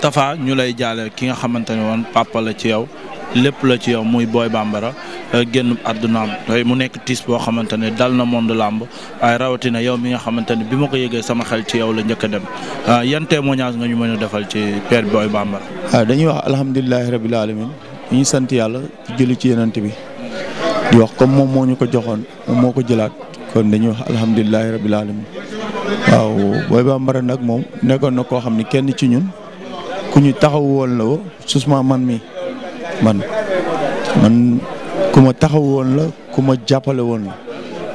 Tafa ñu lay jaale ki nga xamante ne woon papa la ci yow lépp la ci yow muy booy Bambara euh, génn àddunaam waaye mu nekk tiis boo xamante ne dal na monde làmb waaye rawatina yow mi nga xamante ne bi ma ko yëgee sama xel ci yow la njëkk a dem euh, yan témoignage nga ñu mën a defal ci père booy Bambara. waaw ah, dañuy wax alhamdulilah rabil alamin ñu sant yàlla ci ci yenant bi di wax comme moom moo ñu ko joxoon moom moo ko jëlaat kon dañuy wax alhamdulilah rabil nag moom nekkoon na koo xam ne kenn ci ñun. ku ñu taxaw woon la susma man mi man man ku ma taxaw woon la ku ma jàppale woon la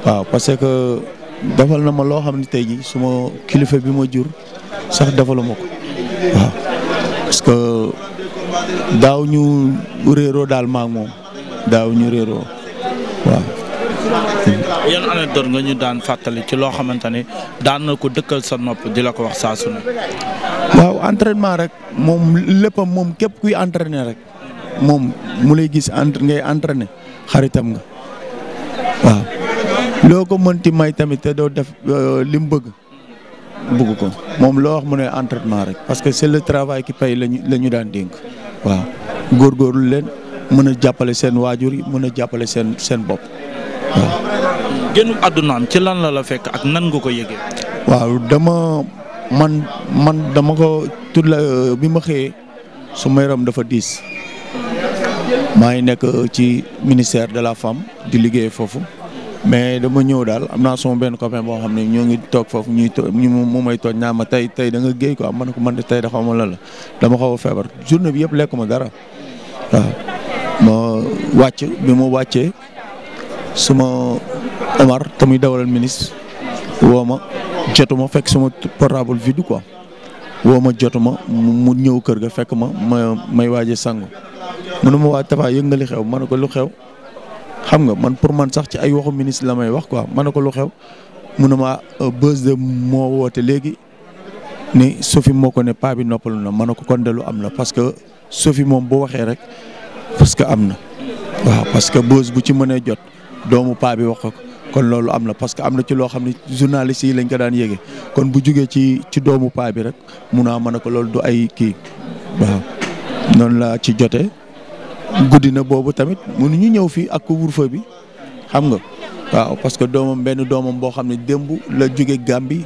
waaw parce que defal na ma loo xam ne tey jii suma kilifa bi ma jur sax defaluma ko waaw parce que daaw ñu réeroo daal maak moom daaw ñu réeroo waaw yan anecdote nga ñu daan fàttali ci loo xamante ni daan na ko dëkkal sa nopp di la ko wax saa su waaw entraînement rek moom léppam moom képp kuy entraîné rek moom mu lay gis entre ngay entraîné xaritam nga waaw loo ko mënti may tamit te doo def euh, li mu bëgg. bugg ko moom loo wax mu ne entraînement rek parce que c'est le travail qui paye lañu daan dénk waaw góor góorgóorlu leen mën a jàppale seen waajur yi mën a jàppale seen seen bopp génn àddunaam ci lan la la fekk ak nan nga ko yëgee. waaw dama man man dama ko tudd la euh, bi ma xëyee suma yaram dafa diis maa ngi nekk euh, ci ministère de la femme di liggéey foofu mais dama ñëw daal am naa sama benn copain boo xam ne ñoo ngi toog foofu ñuy toog mu may toog ñaar ma tey tey da nga géey quoi man ko man tey dafa amul la dama xaw a feebar journée bi yëpp lekkuma dara waaw ma wàcc bi ma wàccee. suma amar tamuy dawalal ministre woo ma jotuma fekk suma portable vide quoi woo ma jotuma mu ñëw kër ga fekk ma ma may waaje sangu mënu ma waa Tapha yëg nga li xew ma ne ko lu xew xam nga man pour man sax ci ay waxu ministre la may wax quoi ma ne ko lu xew mënu ma euh, bës de moo woote léegi ni Sophie moo ko ne paa bi noppalu na ma ne ko kon de lu am na parce que Sophie moom boo waxee rek parce que am na waaw parce que bës bu ci mënee jot. doomu paa bi wax ko kon loolu am na parce que am na ci loo xam ne journaliste yi lañ ko daan yéege kon bu jugee ci ci doomu paa bi rek mun a mën ko loolu du ay kii waaw noonu laa ci jote guddi na boobu tamit ñu ñëw fii ak couvre bi xam nga waaw parce que doomam benn doomam boo xam ne démb la jóge Gambie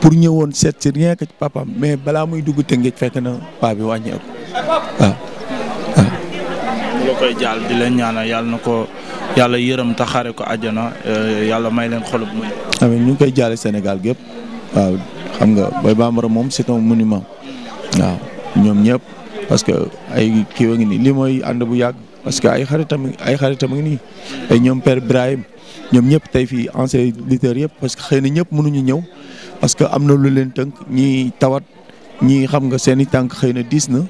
pour ñëwoon seet si rien que ci papaam mais balaa muy dugg Tëngéej fekk na paa bi wàññeeku waaw waaw. ñu koy jaal di leen ñaanal yàlla na ko yàlla yërëm te xaare ko ajana eh, yàlla may leen xolub muñ amiin ñu ngi koy jaale Sénégal gépp waaw xam nga Boy Bambara moom c'est un monument waaw ñoom ñëpp parce que ay kii ngi nii lii mooy ànd bu yàgg parce que ay xaritam ay xaritam ngi nii ay ñoom per Ibrahim ñoom ñëpp tey fii anciens lutteurs yëpp parce que xëy na ñëpp mënuñu ñëw parce que am na lu leen tënk ñii tawat ñii xam nga seen i tànk xëy na diis na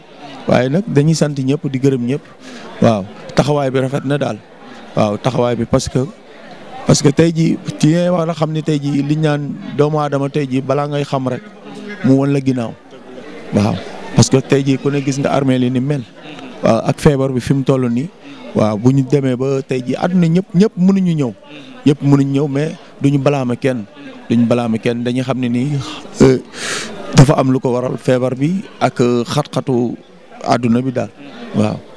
waaye nag dañuy sant ñëpp di gërëm ñëpp waaw taxawaay daal. waaw taxawaay bi parce que parce que tey jii ci ngay war a xam ni tey jii liñ naan doomu aadama tey jii balaa ngay xam rek mu won la ginnaaw waaw parce que tey jii ku ne gis nga armée li ni mel waaw ak feebar bi fi mu toll nii waaw bu ñu demee ba tey jii àdduna ñëpp ñëpp mënuñu ñëw ñëpp mënuñu ñëw mais duñu balaame kenn duñu balaame kenn dañuy xam ne nii euh, dafa am lu ko waral feebar bi ak xat-xatu àdduna bi daal